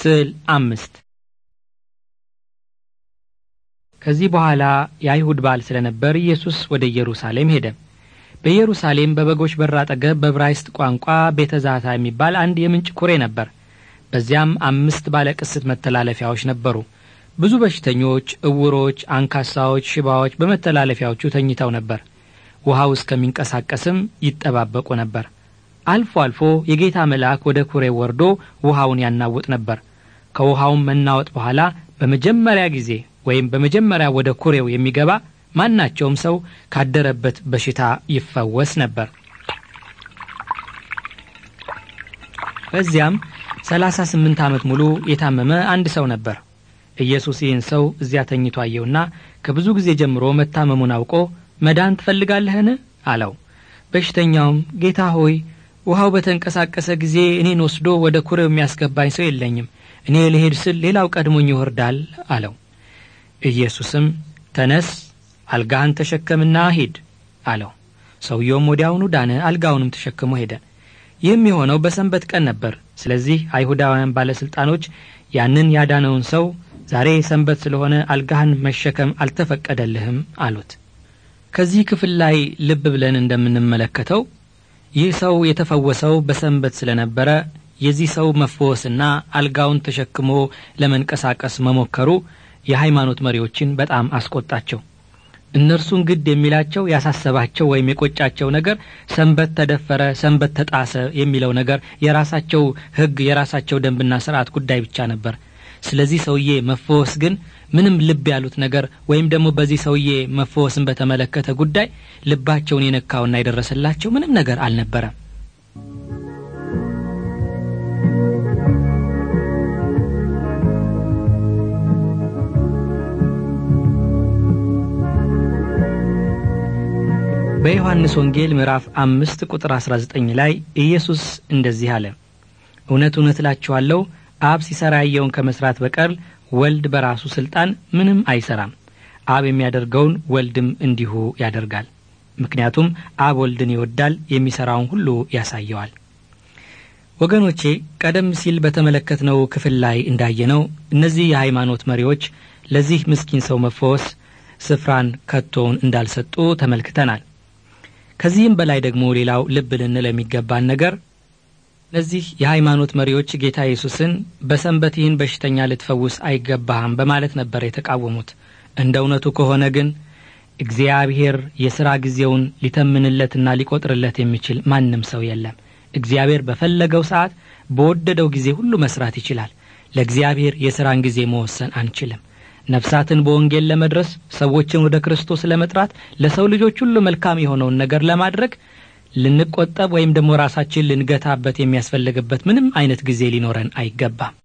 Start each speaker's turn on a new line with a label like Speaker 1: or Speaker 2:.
Speaker 1: ስዕል አምስት ከዚህ በኋላ የአይሁድ በዓል ስለነበር ኢየሱስ ወደ ኢየሩሳሌም ሄደ። በኢየሩሳሌም በበጎች በር አጠገብ በብራይስት ቋንቋ ቤተ ዛታ የሚባል አንድ የምንጭ ኩሬ ነበር። በዚያም አምስት ባለ ቅስት መተላለፊያዎች ነበሩ። ብዙ በሽተኞች፣ እውሮች፣ አንካሳዎች፣ ሽባዎች በመተላለፊያዎቹ ተኝተው ነበር። ውሃው እስከሚንቀሳቀስም ይጠባበቁ ነበር። አልፎ አልፎ የጌታ መልአክ ወደ ኩሬ ወርዶ ውሃውን ያናውጥ ነበር። ከውሃውም መናወጥ በኋላ በመጀመሪያ ጊዜ ወይም በመጀመሪያ ወደ ኩሬው የሚገባ ማናቸውም ሰው ካደረበት በሽታ ይፈወስ ነበር። በዚያም ስምንት ዓመት ሙሉ የታመመ አንድ ሰው ነበር። ኢየሱስ ይህን ሰው እዚያ ተኝቶ አየውና ከብዙ ጊዜ ጀምሮ መታመሙን አውቆ መዳን ትፈልጋለህን? አለው። በሽተኛውም ጌታ ሆይ ውሃው በተንቀሳቀሰ ጊዜ እኔን ወስዶ ወደ ኩሬው የሚያስገባኝ ሰው የለኝም፣ እኔ ልሄድ ስል ሌላው ቀድሞኝ ይወርዳል አለው። ኢየሱስም ተነስ፣ አልጋህን ተሸከምና ሂድ አለው። ሰውየውም ወዲያውኑ ዳነ፣ አልጋውንም ተሸክሞ ሄደ። ይህም የሆነው በሰንበት ቀን ነበር። ስለዚህ አይሁዳውያን ባለሥልጣኖች ያንን ያዳነውን ሰው ዛሬ ሰንበት ስለሆነ አልጋህን መሸከም አልተፈቀደልህም አሉት። ከዚህ ክፍል ላይ ልብ ብለን እንደምንመለከተው ይህ ሰው የተፈወሰው በሰንበት ስለነበረ የዚህ ሰው መፈወስና አልጋውን ተሸክሞ ለመንቀሳቀስ መሞከሩ የሃይማኖት መሪዎችን በጣም አስቆጣቸው። እነርሱን ግድ የሚላቸው ያሳሰባቸው ወይም የቆጫቸው ነገር ሰንበት ተደፈረ፣ ሰንበት ተጣሰ የሚለው ነገር የራሳቸው ሕግ የራሳቸው ደንብና ስርዓት ጉዳይ ብቻ ነበር። ስለዚህ ሰውዬ መፈወስ ግን ምንም ልብ ያሉት ነገር ወይም ደግሞ በዚህ ሰውዬ መፈወስን በተመለከተ ጉዳይ ልባቸውን የነካውና የደረሰላቸው ምንም ነገር አልነበረም በዮሐንስ ወንጌል ምዕራፍ አምስት ቁጥር 19 ላይ ኢየሱስ እንደዚህ አለ እውነት እውነት እላችኋለሁ አብ ሲሰራ ያየውን ከመስራት በቀር ወልድ በራሱ ስልጣን ምንም አይሰራም። አብ የሚያደርገውን ወልድም እንዲሁ ያደርጋል። ምክንያቱም አብ ወልድን ይወዳል፣ የሚሰራውን ሁሉ ያሳየዋል። ወገኖቼ ቀደም ሲል በተመለከትነው ክፍል ላይ እንዳየነው እነዚህ የሃይማኖት መሪዎች ለዚህ ምስኪን ሰው መፈወስ ስፍራን ከቶውን እንዳልሰጡ ተመልክተናል። ከዚህም በላይ ደግሞ ሌላው ልብ ልንል የሚገባን ነገር እነዚህ የሃይማኖት መሪዎች ጌታ ኢየሱስን በሰንበት ይህን በሽተኛ ልትፈውስ አይገባህም በማለት ነበር የተቃወሙት። እንደ እውነቱ ከሆነ ግን እግዚአብሔር የሥራ ጊዜውን ሊተምንለትና ሊቆጥርለት የሚችል ማንም ሰው የለም። እግዚአብሔር በፈለገው ሰዓት በወደደው ጊዜ ሁሉ መስራት ይችላል። ለእግዚአብሔር የሥራን ጊዜ መወሰን አንችልም። ነፍሳትን በወንጌል ለመድረስ ሰዎችን ወደ ክርስቶስ ለመጥራት ለሰው ልጆች ሁሉ መልካም የሆነውን ነገር ለማድረግ ልንቆጠብ ወይም ደግሞ ራሳችን ልንገታበት የሚያስፈልግበት ምንም አይነት ጊዜ ሊኖረን አይገባም